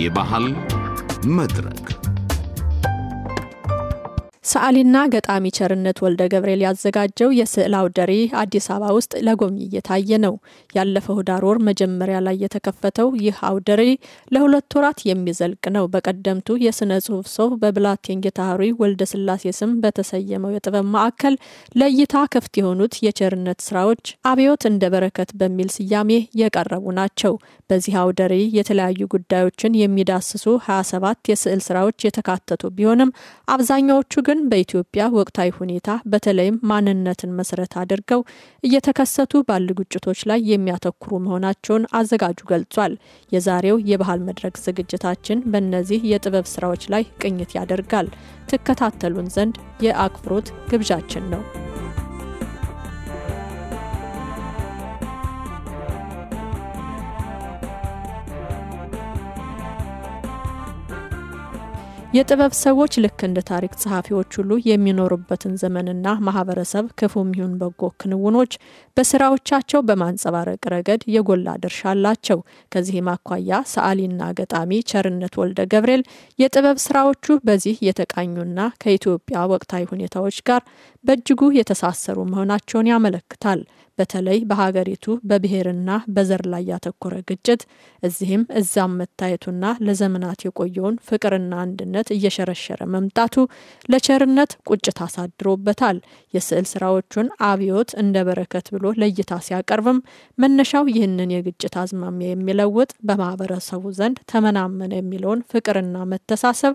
የባህል መድረክ ሰዓሊና ገጣሚ ቸርነት ወልደ ገብርኤል ያዘጋጀው የስዕል አውደ ርዕይ አዲስ አበባ ውስጥ ለጎብኝ እየታየ ነው። ያለፈው ህዳር ወር መጀመሪያ ላይ የተከፈተው ይህ አውደ ርዕይ ለሁለት ወራት የሚዘልቅ ነው። በቀደምቱ የስነ ጽሁፍ ሰው በብላቴን ጌታህሪ ወልደ ስላሴ ስም በተሰየመው የጥበብ ማዕከል ለእይታ ክፍት የሆኑት የቸርነት ስራዎች አብዮት እንደ በረከት በሚል ስያሜ የቀረቡ ናቸው። በዚህ አውደ ርዕይ የተለያዩ ጉዳዮችን የሚዳስሱ 27 የስዕል ስራዎች የተካተቱ ቢሆንም አብዛኛዎቹ ግን በኢትዮጵያ ወቅታዊ ሁኔታ በተለይም ማንነትን መሰረት አድርገው እየተከሰቱ ባሉ ግጭቶች ላይ የሚያተኩሩ መሆናቸውን አዘጋጁ ገልጿል። የዛሬው የባህል መድረክ ዝግጅታችን በእነዚህ የጥበብ ስራዎች ላይ ቅኝት ያደርጋል። ትከታተሉን ዘንድ የአክብሮት ግብዣችን ነው። የጥበብ ሰዎች ልክ እንደ ታሪክ ጸሐፊዎች ሁሉ የሚኖሩበትን ዘመንና ማህበረሰብ ክፉም ይሁን በጎ ክንውኖች በስራዎቻቸው በማንጸባረቅ ረገድ የጎላ ድርሻ አላቸው። ከዚህም አኳያ ሰዓሊና ገጣሚ ቸርነት ወልደ ገብርኤል የጥበብ ስራዎቹ በዚህ የተቃኙና ከኢትዮጵያ ወቅታዊ ሁኔታዎች ጋር በእጅጉ የተሳሰሩ መሆናቸውን ያመለክታል። በተለይ በሀገሪቱ በብሔርና በዘር ላይ ያተኮረ ግጭት እዚህም እዛም መታየቱና ለዘመናት የቆየውን ፍቅርና አንድነት እየሸረሸረ መምጣቱ ለቸርነት ቁጭት አሳድሮበታል። የስዕል ስራዎቹን አብዮት እንደ በረከት ብሎ ለእይታ ሲያቀርብም መነሻው ይህንን የግጭት አዝማሚያ የሚለውጥ በማህበረሰቡ ዘንድ ተመናመነ የሚለውን ፍቅርና መተሳሰብ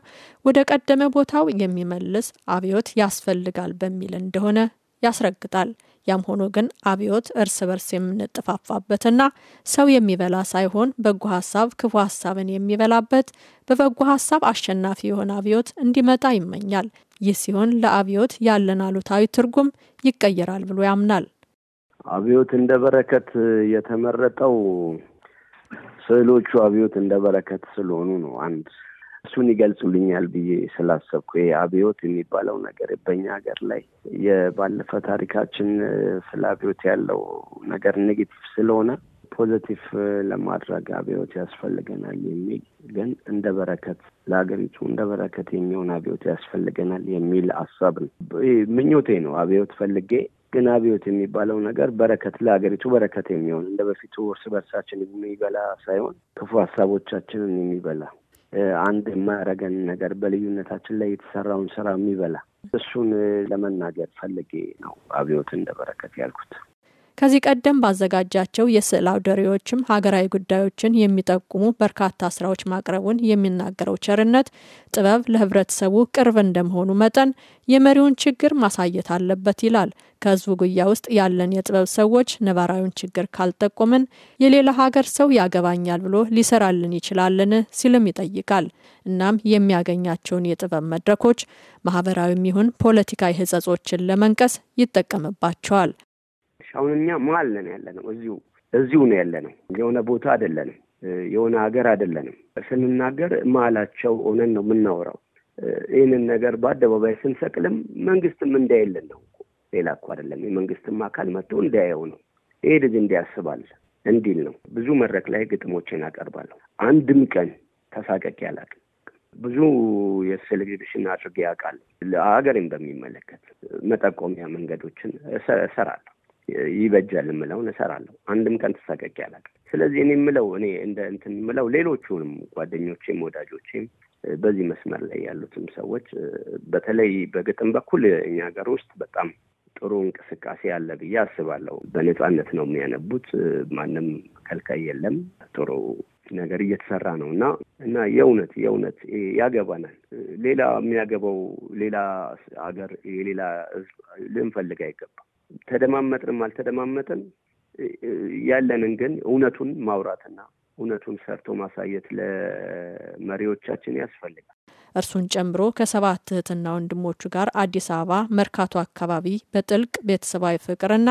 ወደ ቀደመ ቦታው የሚመልስ አብዮት ያስፈልጋል በሚል እንደሆነ ያስረግጣል። ያም ሆኖ ግን አብዮት እርስ በርስ የምንጠፋፋበትና ሰው የሚበላ ሳይሆን በጎ ሀሳብ ክፉ ሀሳብን የሚበላበት በበጎ ሀሳብ አሸናፊ የሆነ አብዮት እንዲመጣ ይመኛል። ይህ ሲሆን ለአብዮት ያለን አሉታዊ ትርጉም ይቀየራል ብሎ ያምናል። አብዮት እንደ በረከት የተመረጠው ስዕሎቹ አብዮት እንደ በረከት ስለሆኑ ነው። አንድ እሱን ይገልጹልኛል ብዬ ስላሰብኩ አብዮት የሚባለው ነገር በኛ ሀገር ላይ የባለፈ ታሪካችን ስለ አብዮት ያለው ነገር ኔጌቲቭ ስለሆነ ፖዘቲቭ ለማድረግ አብዮት ያስፈልገናል የሚል ግን እንደ በረከት ለሀገሪቱ እንደ በረከት የሚሆን አብዮት ያስፈልገናል የሚል ሀሳብ ነው፣ ምኞቴ ነው። አብዮት ፈልጌ ግን አብዮት የሚባለው ነገር በረከት ለሀገሪቱ በረከት የሚሆን እንደ በፊቱ እርስ በርሳችን የሚበላ ሳይሆን ክፉ ሀሳቦቻችንን የሚበላ አንድ የማያረገን ነገር በልዩነታችን ላይ የተሰራውን ስራ የሚበላ እሱን ለመናገር ፈልጌ ነው አብዮት እንደ በረከት ያልኩት። ከዚህ ቀደም ባዘጋጃቸው የስዕል አውደ ሀገራዊ ጉዳዮችን የሚጠቁሙ በርካታ ስራዎች ማቅረቡን የሚናገረው ቸርነት ጥበብ ለህብረተሰቡ ቅርብ እንደመሆኑ መጠን የመሪውን ችግር ማሳየት አለበት ይላል። ከህዝቡ ጉያ ውስጥ ያለን የጥበብ ሰዎች ነባራዊውን ችግር ካልጠቆምን የሌላ ሀገር ሰው ያገባኛል ብሎ ሊሰራልን ይችላልን? ሲልም ይጠይቃል። እናም የሚያገኛቸውን የጥበብ መድረኮች ማህበራዊም ይሁን ፖለቲካዊ ህጸጾችን ለመንቀስ ይጠቀምባቸዋል። አለሽ። አሁን እኛ መሀል ነው ያለ ነው። እዚሁ እዚሁ ነው ያለ ነው። የሆነ ቦታ አይደለንም፣ የሆነ ሀገር አይደለንም። ስንናገር መሀላቸው ሆነን ነው የምናወራው። ይህንን ነገር በአደባባይ ስንሰቅልም መንግስትም እንዳይልን ነው። ሌላ እኮ አይደለም። የመንግስትም አካል መጥቶ እንዳያየው ነው። ይሄ ልጅ እንዲያስባል እንዲል ነው። ብዙ መድረክ ላይ ግጥሞችን አቀርባለሁ። አንድም ቀን ተሳቀቄ አላውቅም። ብዙ የስዕል ኤግዚቢሽን አድርጌ ያውቃል። ለሀገሬም በሚመለከት መጠቆሚያ መንገዶችን እሰራለሁ። ይበጃል የምለው እሰራለሁ። አንድም ቀን ተሳቀቅ አላውቅም። ስለዚህ እኔ የምለው እኔ እንደ እንትን የምለው ሌሎቹንም ጓደኞቼም ወዳጆቼም በዚህ መስመር ላይ ያሉትም ሰዎች በተለይ በግጥም በኩል እኛ ሀገር ውስጥ በጣም ጥሩ እንቅስቃሴ አለ ብዬ አስባለሁ። በነጻነት ነው የሚያነቡት፣ ማንም ከልካይ የለም። ጥሩ ነገር እየተሰራ ነው እና እና የእውነት የእውነት ያገባናል። ሌላ የሚያገባው ሌላ ሀገር የሌላ ልንፈልግ አይገባ ተደማመጥንም አልተደማመጥን ያለንን ግን እውነቱን ማውራትና እውነቱን ሰርቶ ማሳየት ለመሪዎቻችን ያስፈልጋል። እርሱን ጨምሮ ከሰባት እህትና ወንድሞቹ ጋር አዲስ አበባ መርካቶ አካባቢ በጥልቅ ቤተሰባዊ ፍቅርና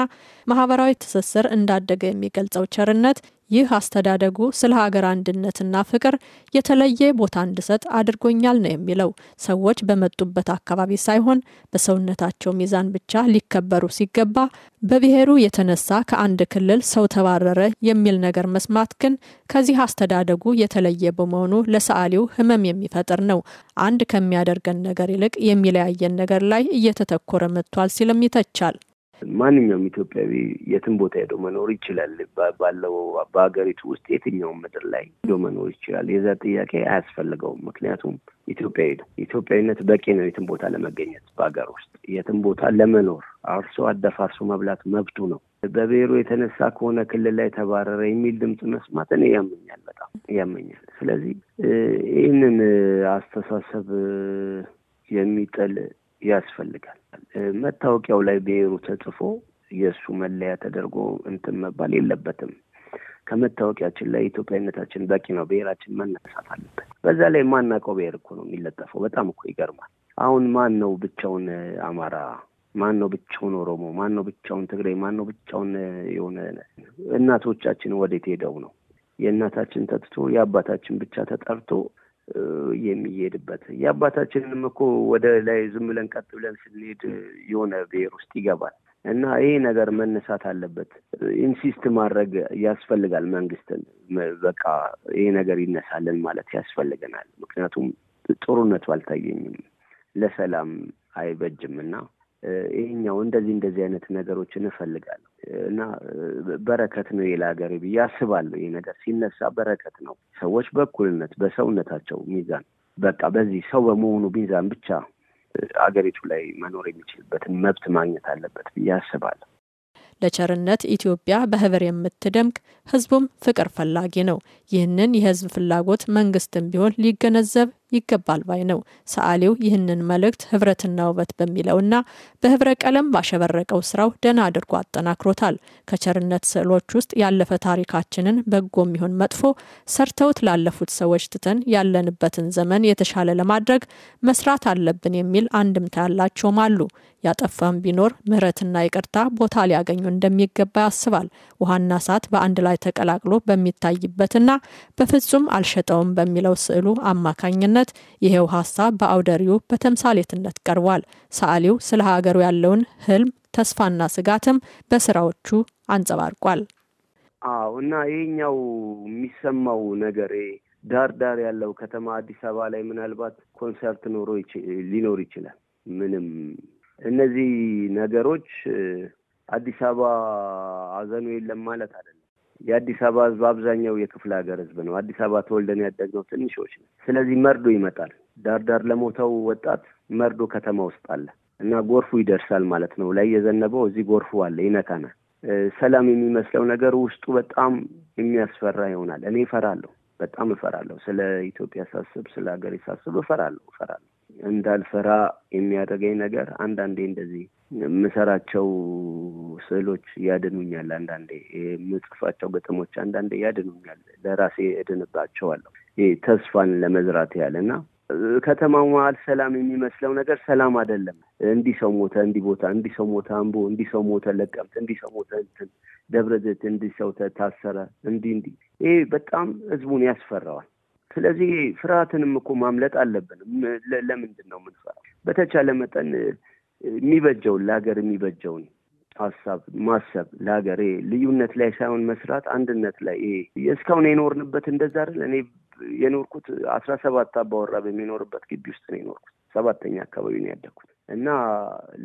ማህበራዊ ትስስር እንዳደገ የሚገልጸው ቸርነት ይህ አስተዳደጉ ስለ ሀገር አንድነትና ፍቅር የተለየ ቦታ እንድሰጥ አድርጎኛል ነው የሚለው። ሰዎች በመጡበት አካባቢ ሳይሆን በሰውነታቸው ሚዛን ብቻ ሊከበሩ ሲገባ በብሔሩ የተነሳ ከአንድ ክልል ሰው ተባረረ የሚል ነገር መስማት ግን ከዚህ አስተዳደጉ የተለየ በመሆኑ ለሰዓሊው ህመም የሚፈጥር ነው። አንድ ከሚያደርገን ነገር ይልቅ የሚለያየን ነገር ላይ እየተተኮረ መጥቷል ሲልም ይተቻል። ማንኛውም ኢትዮጵያዊ የትም ቦታ ሄዶ መኖር ይችላል። ባለው በሀገሪቱ ውስጥ የትኛውም ምድር ላይ ሄዶ መኖር ይችላል። የዛ ጥያቄ አያስፈልገውም። ምክንያቱም ኢትዮጵያዊ ነው። ኢትዮጵያዊነት በቂ ነው የትም ቦታ ለመገኘት በሀገር ውስጥ የትም ቦታ ለመኖር አርሶ አደፋርሶ መብላት መብቱ ነው። በብሔሩ የተነሳ ከሆነ ክልል ላይ ተባረረ የሚል ድምፅ መስማት እኔ ያመኛል፣ በጣም ያመኛል። ስለዚህ ይህንን አስተሳሰብ የሚጥል ያስፈልጋል። መታወቂያው ላይ ብሔሩ ተጽፎ የእሱ መለያ ተደርጎ እንትን መባል የለበትም። ከመታወቂያችን ላይ ኢትዮጵያዊነታችን በቂ ነው፣ ብሔራችን መነሳት አለበት። በዛ ላይ ማናውቀው ብሔር እኮ ነው የሚለጠፈው። በጣም እኮ ይገርማል። አሁን ማን ነው ብቻውን አማራ? ማን ነው ብቻውን ኦሮሞ? ማን ነው ብቻውን ትግራይ? ማን ነው ብቻውን የሆነ? እናቶቻችን ወዴት ሄደው ነው? የእናታችን ተትቶ የአባታችን ብቻ ተጠርቶ የሚሄድበት የአባታችንም እኮ ወደ ላይ ዝም ብለን ቀጥ ብለን ስንሄድ የሆነ ብሔር ውስጥ ይገባል እና ይሄ ነገር መነሳት አለበት። ኢንሲስት ማድረግ ያስፈልጋል መንግስትን። በቃ ይሄ ነገር ይነሳልን ማለት ያስፈልገናል። ምክንያቱም ጥሩነቱ አልታየኝም፣ ለሰላም አይበጅም እና ይሄኛው እንደዚህ እንደዚህ አይነት ነገሮች እንፈልጋለሁ እና በረከት ነው ለሀገሬ ብዬ አስባለሁ። ይህ ነገር ሲነሳ በረከት ነው። ሰዎች በእኩልነት በሰውነታቸው ሚዛን በቃ በዚህ ሰው በመሆኑ ሚዛን ብቻ አገሪቱ ላይ መኖር የሚችልበትን መብት ማግኘት አለበት ብዬ አስባለሁ። ለቸርነት ኢትዮጵያ በህብር የምትደምቅ ህዝቡም ፍቅር ፈላጊ ነው። ይህንን የህዝብ ፍላጎት መንግስትም ቢሆን ሊገነዘብ ይገባል ባይ ነው። ሰዓሊው ይህንን መልእክት ህብረትና ውበት በሚለውና በህብረ ቀለም ባሸበረቀው ስራው ደህና አድርጎ አጠናክሮታል። ከቸርነት ስዕሎች ውስጥ ያለፈ ታሪካችንን በጎ የሚሆን መጥፎ ሰርተውት ላለፉት ሰዎች ትተን ያለንበትን ዘመን የተሻለ ለማድረግ መስራት አለብን የሚል አንድምታ ያላቸውም አሉ። ያጠፋም ቢኖር ምህረትና ይቅርታ ቦታ ሊያገኙ እንደሚገባ ያስባል። ውሃና እሳት በአንድ ላይ ተቀላቅሎ በሚታይበትና በፍጹም አልሸጠውም በሚለው ስዕሉ አማካኝነት ምስክርነት ይሄው ሀሳብ በአውደሪው በተምሳሌትነት ቀርቧል። ሰዓሊው ስለ ሀገሩ ያለውን ህልም ተስፋና ስጋትም በስራዎቹ አንጸባርቋል። አዎ እና ይሄኛው የሚሰማው ነገር ዳር ዳር ያለው ከተማ አዲስ አበባ ላይ ምናልባት ኮንሰርት ኖሮ ሊኖር ይችላል። ምንም እነዚህ ነገሮች አዲስ አበባ አዘኑ የለም ማለት አለ የአዲስ አበባ ህዝብ አብዛኛው የክፍለ ሀገር ህዝብ ነው። አዲስ አበባ ተወልደን ያደግነው ትንሾች ነው። ስለዚህ መርዶ ይመጣል። ዳር ዳር ለሞተው ወጣት መርዶ ከተማ ውስጥ አለ እና ጎርፉ ይደርሳል ማለት ነው። ላይ የዘነበው እዚህ ጎርፉ አለ ይነካናል። ሰላም የሚመስለው ነገር ውስጡ በጣም የሚያስፈራ ይሆናል። እኔ እፈራለሁ፣ በጣም እፈራለሁ። ስለ ኢትዮጵያ ሳስብ፣ ስለ ሀገሬ ሳስብ እፈራለሁ እፈራለሁ። እንዳልፈራ የሚያደርገኝ ነገር አንዳንዴ እንደዚህ የምሰራቸው ስዕሎች ያድኑኛል። አንዳንዴ የምጽፋቸው ግጥሞች አንዳንዴ ያድኑኛል። ለራሴ እድንባቸዋለሁ። ተስፋን ለመዝራት ያለ እና ከተማው መሀል ሰላም የሚመስለው ነገር ሰላም አይደለም። እንዲህ ሰው ሞተ፣ እንዲህ ቦታ፣ እንዲህ ሰው ሞተ አምቦ፣ እንዲህ ሰው ሞተ ለቀምት፣ እንዲህ ሰው ሞተ እንትን ደብረዘይት፣ እንዲህ ሰው ታሰረ፣ እንዲህ እንዲህ። ይህ በጣም ህዝቡን ያስፈራዋል። ስለዚህ ፍርሃትንም እኮ ማምለጥ አለብንም። ለምንድን ነው የምንፈራው? በተቻለ መጠን የሚበጀውን ለሀገር የሚበጀውን ሀሳብ ማሰብ ለሀገር ልዩነት ላይ ሳይሆን መስራት አንድነት ላይ እስካሁን የኖርንበት እንደዛ አይደል? እኔ የኖርኩት አስራ ሰባት አባወራ በሚኖርበት ግቢ ውስጥ ነው የኖርኩት። ሰባተኛ አካባቢ ነው ያደግኩት እና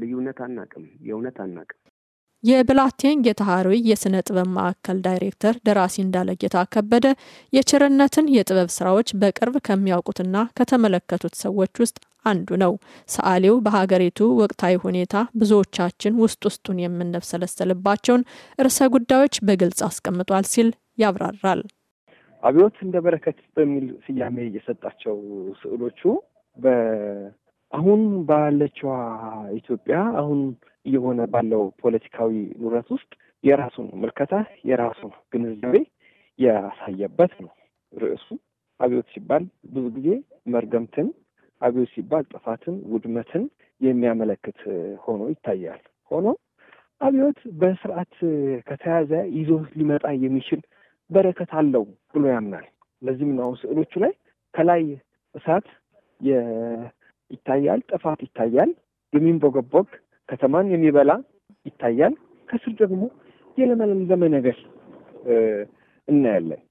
ልዩነት አናቅም፣ የእውነት አናቅም። የብላቴን ጌታ የስነ የሥነ ጥበብ ማዕከል ዳይሬክተር ደራሲ እንዳለ ጌታ ከበደ የቸርነትን የጥበብ ስራዎች በቅርብ ከሚያውቁትና ከተመለከቱት ሰዎች ውስጥ አንዱ ነው። ሰዓሊው በሀገሪቱ ወቅታዊ ሁኔታ ብዙዎቻችን ውስጥ ውስጡን የምንብሰለሰልባቸውን ርዕሰ ጉዳዮች በግልጽ አስቀምጧል ሲል ያብራራል። አብዮት እንደ በረከት በሚል ስያሜ የሰጣቸው ስዕሎቹ አሁን ባለችዋ ኢትዮጵያ አሁን እየሆነ ባለው ፖለቲካዊ ኑረት ውስጥ የራሱን ምልከታ የራሱን ግንዛቤ ያሳየበት ነው። ርዕሱ አብዮት ሲባል ብዙ ጊዜ መርገምትን፣ አብዮት ሲባል ጥፋትን፣ ውድመትን የሚያመለክት ሆኖ ይታያል። ሆኖ አብዮት በስርዓት ከተያዘ ይዞ ሊመጣ የሚችል በረከት አለው ብሎ ያምናል። ለዚህም ነው ስዕሎቹ ላይ ከላይ እሳት ይታያል፣ ጥፋት ይታያል፣ የሚንቦገቦግ ከተማን የሚበላ ይታያል። ከስር ደግሞ የለመለመ ነገር እናያለን።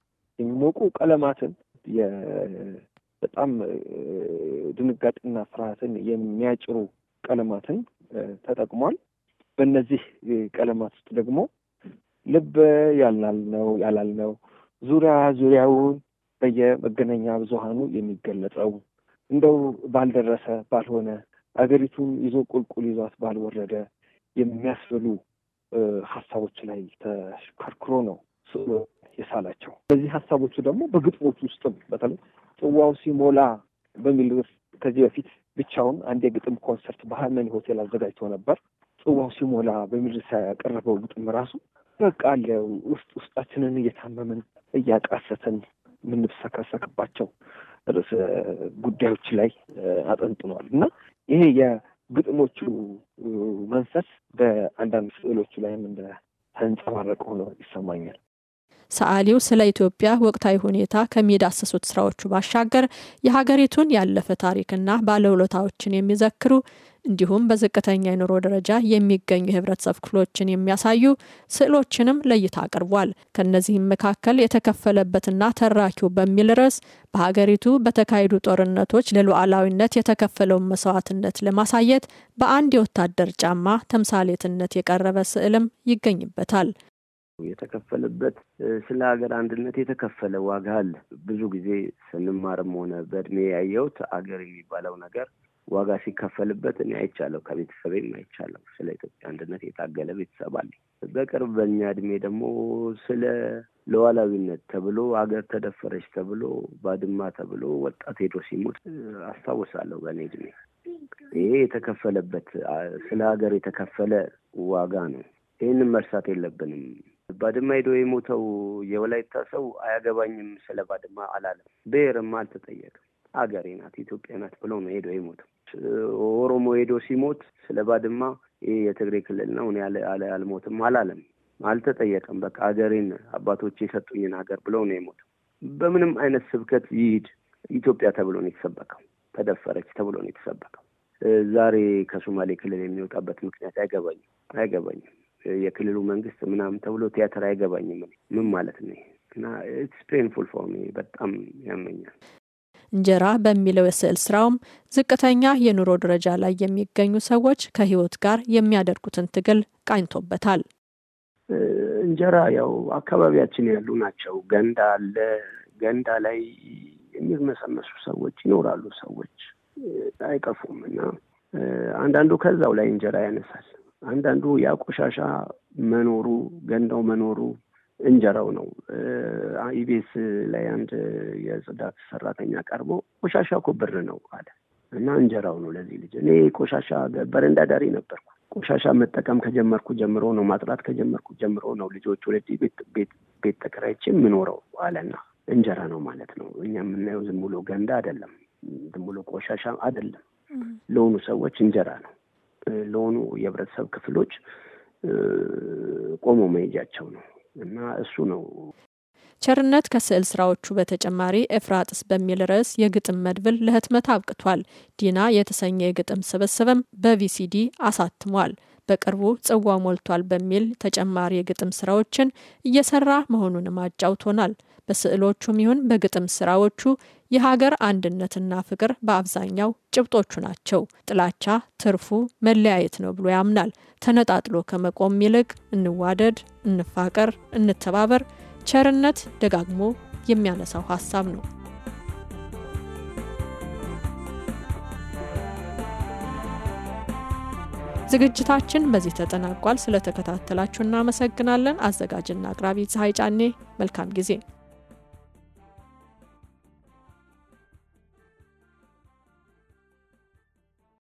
የሚሞቁ ቀለማትን በጣም ድንጋጤና ፍርሃትን የሚያጭሩ ቀለማትን ተጠቅሟል። በእነዚህ ቀለማት ውስጥ ደግሞ ልብ ያላልነው ያላልነው ዙሪያ ዙሪያውን በየመገናኛ ብዙሃኑ የሚገለጸው እንደው ባልደረሰ ባልሆነ አገሪቱን ይዞ ቁልቁል ይዟት ባልወረደ የሚያስብሉ ሀሳቦች ላይ ተሽከርክሮ ነው ስዕሉ የሳላቸው። እነዚህ ሀሳቦቹ ደግሞ በግጥሞች ውስጥም በተለይ ጽዋው ሲሞላ በሚል ከዚህ በፊት ብቻውን አንድ የግጥም ኮንሰርት በሀመኒ ሆቴል አዘጋጅቶ ነበር። ጽዋው ሲሞላ በሚል ያቀረበው ግጥም ራሱ በቃ አለ ውስጥ ውስጣችንን እየታመምን እያቃሰትን የምንብሰከሰክባቸው ጉዳዮች ላይ አጠንጥኗል እና ይሄ የግጥሞቹ መንፈስ በአንዳንድ ስዕሎቹ ላይም እንደ ተንጸባረቀ ሆኖ ይሰማኛል። ሰዓሊው ስለ ኢትዮጵያ ወቅታዊ ሁኔታ ከሚዳሰሱት ስራዎቹ ባሻገር የሀገሪቱን ያለፈ ታሪክና ባለውለታዎችን የሚዘክሩ እንዲሁም በዝቅተኛ የኑሮ ደረጃ የሚገኙ የህብረተሰብ ክፍሎችን የሚያሳዩ ስዕሎችንም ለእይታ አቅርቧል። ከእነዚህም መካከል የተከፈለበትና ተራኪው በሚል ርዕስ በሀገሪቱ በተካሄዱ ጦርነቶች ለሉዓላዊነት የተከፈለውን መስዋዕትነት ለማሳየት በአንድ የወታደር ጫማ ተምሳሌትነት የቀረበ ስዕልም ይገኝበታል። የተከፈለበት ስለ ሀገር አንድነት የተከፈለ ዋጋ አለ። ብዙ ጊዜ ስንማርም ሆነ በእድሜ ያየሁት አገር የሚባለው ነገር ዋጋ ሲከፈልበት እኔ አይቻለሁ፣ ከቤተሰቤም አይቻለሁ። ስለ ኢትዮጵያ አንድነት የታገለ ቤተሰብ አለኝ። በቅርብ በእኛ እድሜ ደግሞ ስለ ሉዓላዊነት ተብሎ አገር ተደፈረች ተብሎ ባድማ ተብሎ ወጣት ሄዶ ሲሞት አስታውሳለሁ። በእኔ እድሜ ይሄ የተከፈለበት ስለ ሀገር የተከፈለ ዋጋ ነው። ይህንን መርሳት የለብንም። ባድማ ሄዶ የሞተው የወላይታ ሰው አያገባኝም ስለ ባድማ አላለም፣ ብሔርም አልተጠየቅም። አገሬ ናት ኢትዮጵያ ናት ብለው ነው ሄደው ኦሮሞ ሄዶ ሲሞት ስለ ባድማ ይህ የትግሬ ክልል ነው እኔ አልሞትም አላለም፣ አልተጠየቀም። በቃ አገሬን አባቶች የሰጡኝን ሀገር ብለው ነው የሞት። በምንም አይነት ስብከት ይሂድ ኢትዮጵያ ተብሎ ነው የተሰበከው። ተደፈረች ተብሎ ነው የተሰበከው። ዛሬ ከሶማሌ ክልል የሚወጣበት ምክንያት አይገባኝም አይገባኝም። የክልሉ መንግስት ምናምን ተብሎ ቲያትር አይገባኝም። ምን ማለት ነው? እና ኢትስ ፔንፉል ፎር ሚ በጣም ያመኛል። እንጀራ በሚለው የስዕል ስራውም ዝቅተኛ የኑሮ ደረጃ ላይ የሚገኙ ሰዎች ከህይወት ጋር የሚያደርጉትን ትግል ቃኝቶበታል። እንጀራ ያው አካባቢያችን ያሉ ናቸው። ገንዳ አለ። ገንዳ ላይ የሚመሰመሱ ሰዎች ይኖራሉ። ሰዎች አይቀፉም እና አንዳንዱ ከዛው ላይ እንጀራ ያነሳል። አንዳንዱ ያ ቆሻሻ መኖሩ ገንዳው መኖሩ እንጀራው ነው። ኢቢኤስ ላይ አንድ የጽዳት ሰራተኛ ቀርቦ ቆሻሻ እኮ ብር ነው አለ እና እንጀራው ነው ለዚህ ልጅ። እኔ ቆሻሻ በረንዳ ዳሪ ነበርኩ። ቆሻሻ መጠቀም ከጀመርኩ ጀምሮ ነው ማጥራት ከጀመርኩ ጀምሮ ነው ልጆች ወደ ቤት ተከራይቼ የምኖረው አለና እንጀራ ነው ማለት ነው። እኛ የምናየው ዝም ብሎ ገንዳ አይደለም፣ ዝም ብሎ ቆሻሻ አይደለም። ለሆኑ ሰዎች እንጀራ ነው። ለሆኑ የህብረተሰብ ክፍሎች ቆሞ መሄጃቸው ነው። እና እሱ ነው ቸርነት ከስዕል ስራዎቹ በተጨማሪ ኤፍራጥስ በሚል ርዕስ የግጥም መድብል ለህትመት አብቅቷል። ዲና የተሰኘ የግጥም ስብስብም በቪሲዲ አሳትሟል። በቅርቡ ጽዋ ሞልቷል በሚል ተጨማሪ የግጥም ስራዎችን እየሰራ መሆኑንም አጫውቶናል። በስዕሎቹም ይሁን በግጥም ስራዎቹ የሀገር አንድነትና ፍቅር በአብዛኛው ጭብጦቹ ናቸው። ጥላቻ ትርፉ መለያየት ነው ብሎ ያምናል። ተነጣጥሎ ከመቆም ይልቅ እንዋደድ፣ እንፋቀር፣ እንተባበር፣ ቸርነት ደጋግሞ የሚያነሳው ሀሳብ ነው። ዝግጅታችን በዚህ ተጠናቋል። ስለተከታተላችሁ እናመሰግናለን። አዘጋጅና አቅራቢ ፀሐይ ጫኔ። መልካም ጊዜ